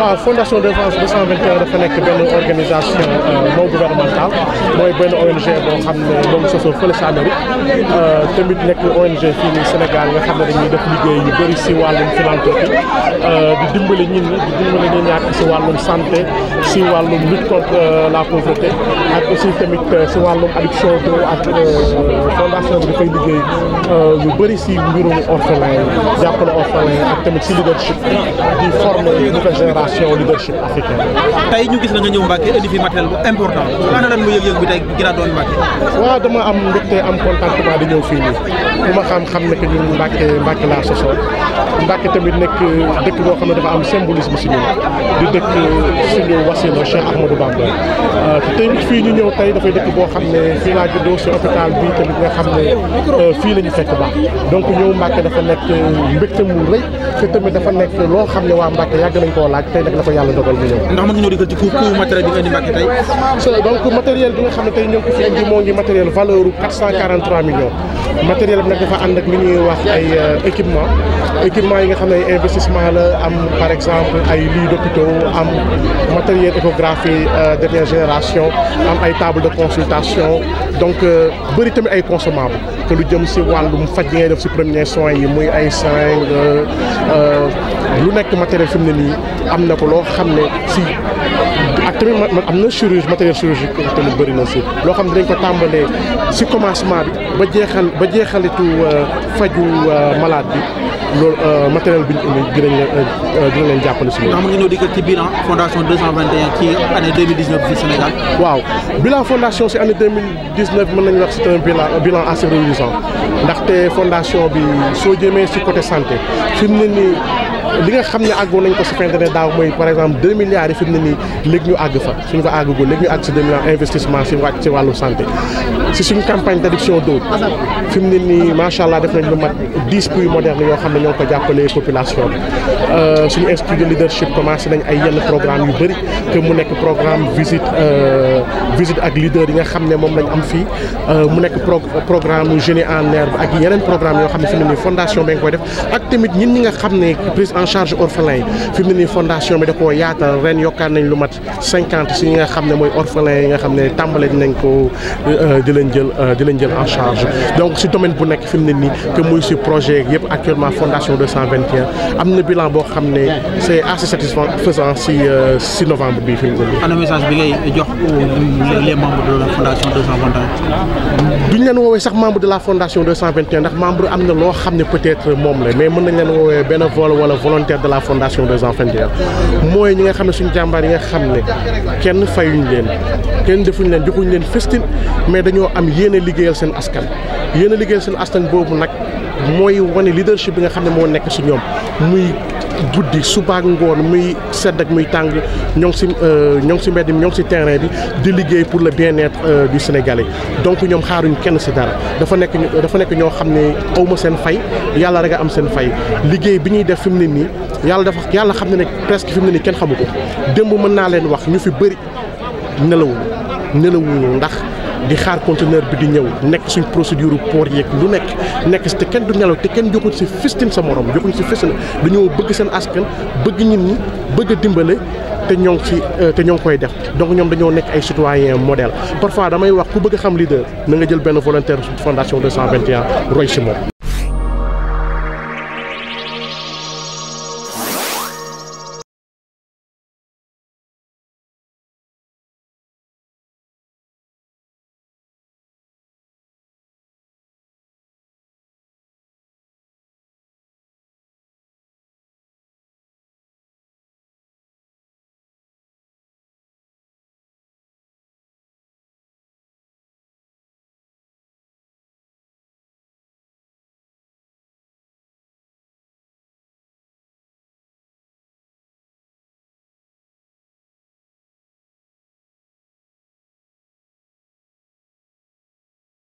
waa fondation défense 221 dafa nekk benn organisation euh, non gouvernementale mooy benn ONG boo xam ne moom sosoo fële sa Amérique euh, tamit nekk ONG fii nii Sénégal nga xam ne dañuy def liggéey yu bëri si wàllum philanthropie euh, di dimbali ñit ñi di dimbali ñu ñàkk si wàllum santé si wàllum lutte contre la pauvreté ak aussi tamit si wàllum addiction to ak fondation bi dafay liggéey lu bëri si mbirum orphelin jàppale orphelin ak tamit si leadership di former nouvelle génération formation leadership africain. tey ñu gis na nga ñëw Mbacke indi fi matériel bu important lan lan mu yëg-yëg bi tey gira doon Mbacke. dama am mbégte am contentement di ñëw fii nii bu ma xam xam ne que ñun Mbacke Mbacke laa sosoo Mbacke tamit nekk dëkk boo xam ne dafa am symbolisme si ñun di dëkk suñu wasila Cheikh Ahmadou Bamba. Euh, tey it fii ñu ñëw tey dafay dëkk boo xam ne fii laa hôpital bii tamit nga xam ne euh, fii la fekk baax donc ñëw Mbàkke dafa nekk euh, mbégte mu rëy te tamit dafa nekk loo xam ne waa Mbàkke yàgg nañ koo laaj tey nag la ko yàlla dogal mu ñëw ndax mën nga ñëw digal ci bi nga indi Mbàkke tey donc matériel bi nga xam ne tey ñëw moo ngi matériel valeur u matériel bi nag dafa ànd ak li ñuy wax ay équipement équipement yi nga xam ne ay la am par exemple ay lits d'hôpitaux am matériel échographie dernière génération am ay table de consultation donc euh, bëri tamit ay consommables te lu jëm si wàllum faj yi ngay def si premiers soins yi muy ay seringue euh, euh, lu nekk matériel fi mu nii am na ko loo xam ne si ak tamit man am na chirurgie matériel chirurgique tamit bëri na si loo xam ne dañ ko tàmbalee si commencement bi ba jeexal ba jeexalitu euh, faju euh, malade bi loolu euh, matériel bi ñu indi dinañ leen dina leen jàppale si loolu. ndax mu ngi ñëw di ko ci bilan fondation 221 ci année 2019 fii Sénégal. waaw bilan fondation si année 2019 mën nañu wax c'est un bilan bilan assez réjouissant ndaxte fondation bi soo jëmee si côté santé fi mu ne nii. li nga xam ne àggoon nañ ko si fin d'année daaw mooy par exemple deux milliards yi fi mu ne nii léegi ñu àgg fa suñu ko àggagul léegi ñu àgg si deux milliards investissement wàcc si wàllu santé si suñ campagne d' adduction d' eau mu nii macha allah def nañ lu mat dix puits modernes yoo xam ne ñoo ko jàppalee population bi euh, suñu institut de leadership commencé nañ ay yenn programme yu bëri te mu nekk programme visite euh, visite ak leader yi nga xam ne moom lañ am fii euh, mu nekk programme jeune en herbe ak yeneen programme yoo xam ne fi mu nii fondation bi nga koy def ak tamit ñin ñi nga xam ne prise en charge orphelin yi fi mu nii fondation bi da koo yaatal ren yokkaat cinquante si nga xam ne mooy orphelin yi nga xam ne tàmbale nañ ko leen jël euh, di leen jël en charge donc si domaine bu euh, de la fondation duñ leen woowee sax membre de la fondation 221 ndax membre am na loo xam ne peut-être moom la mais mën nañ leen woowee bénévole wala volontaire de la fondation mooy ñi nga xam ne suñu jàmbaar yi nga xam ne kenn fayuñ leen kenn defuñ leen joxuñ leen festin mais dañoo am yéen liggéeyal seen askan yéen a liggéeyal seen askan boobu nag mooy wane leadership bi nga xam ne moo nekk si ñoom muy guddi subaak ngoon muy sedd ak muy tàng ñoo ngi si euh, ñoo si mbedd mi ñoo ngi si terrain bi di liggéey pour le bien-être euh, du Sénégalais donc ñoom xaaruñ kenn si dara dafa nekk dafa nekk ñoo xam ne awma seen fay yàlla rek am seen fay liggéey bi ñuy def fi mu ne nii yàlla dafa yàlla xam ne ne presque fi mu ne nii kenn xamu ko démb mën naa leen wax ñu fi bëri nelawuñu nelawuñu ndax di xaar conteneur bi di ñëw nekk suñ procédure port yeeg lu nekk nekk si te kenn du nelaw te kenn joxuñ si fistin sa morom joxuñ si fistin dañoo bëgg seen askan bëgg nit ñi bëgg dimbale te ñoo ngi ci euh, te ñoo ngi koy def donc ñoom dañoo nekk ay citoyen modèle parfois damay wax ku bëgg a xam leader na nga jël benn volontaire fondation 221 roy si moom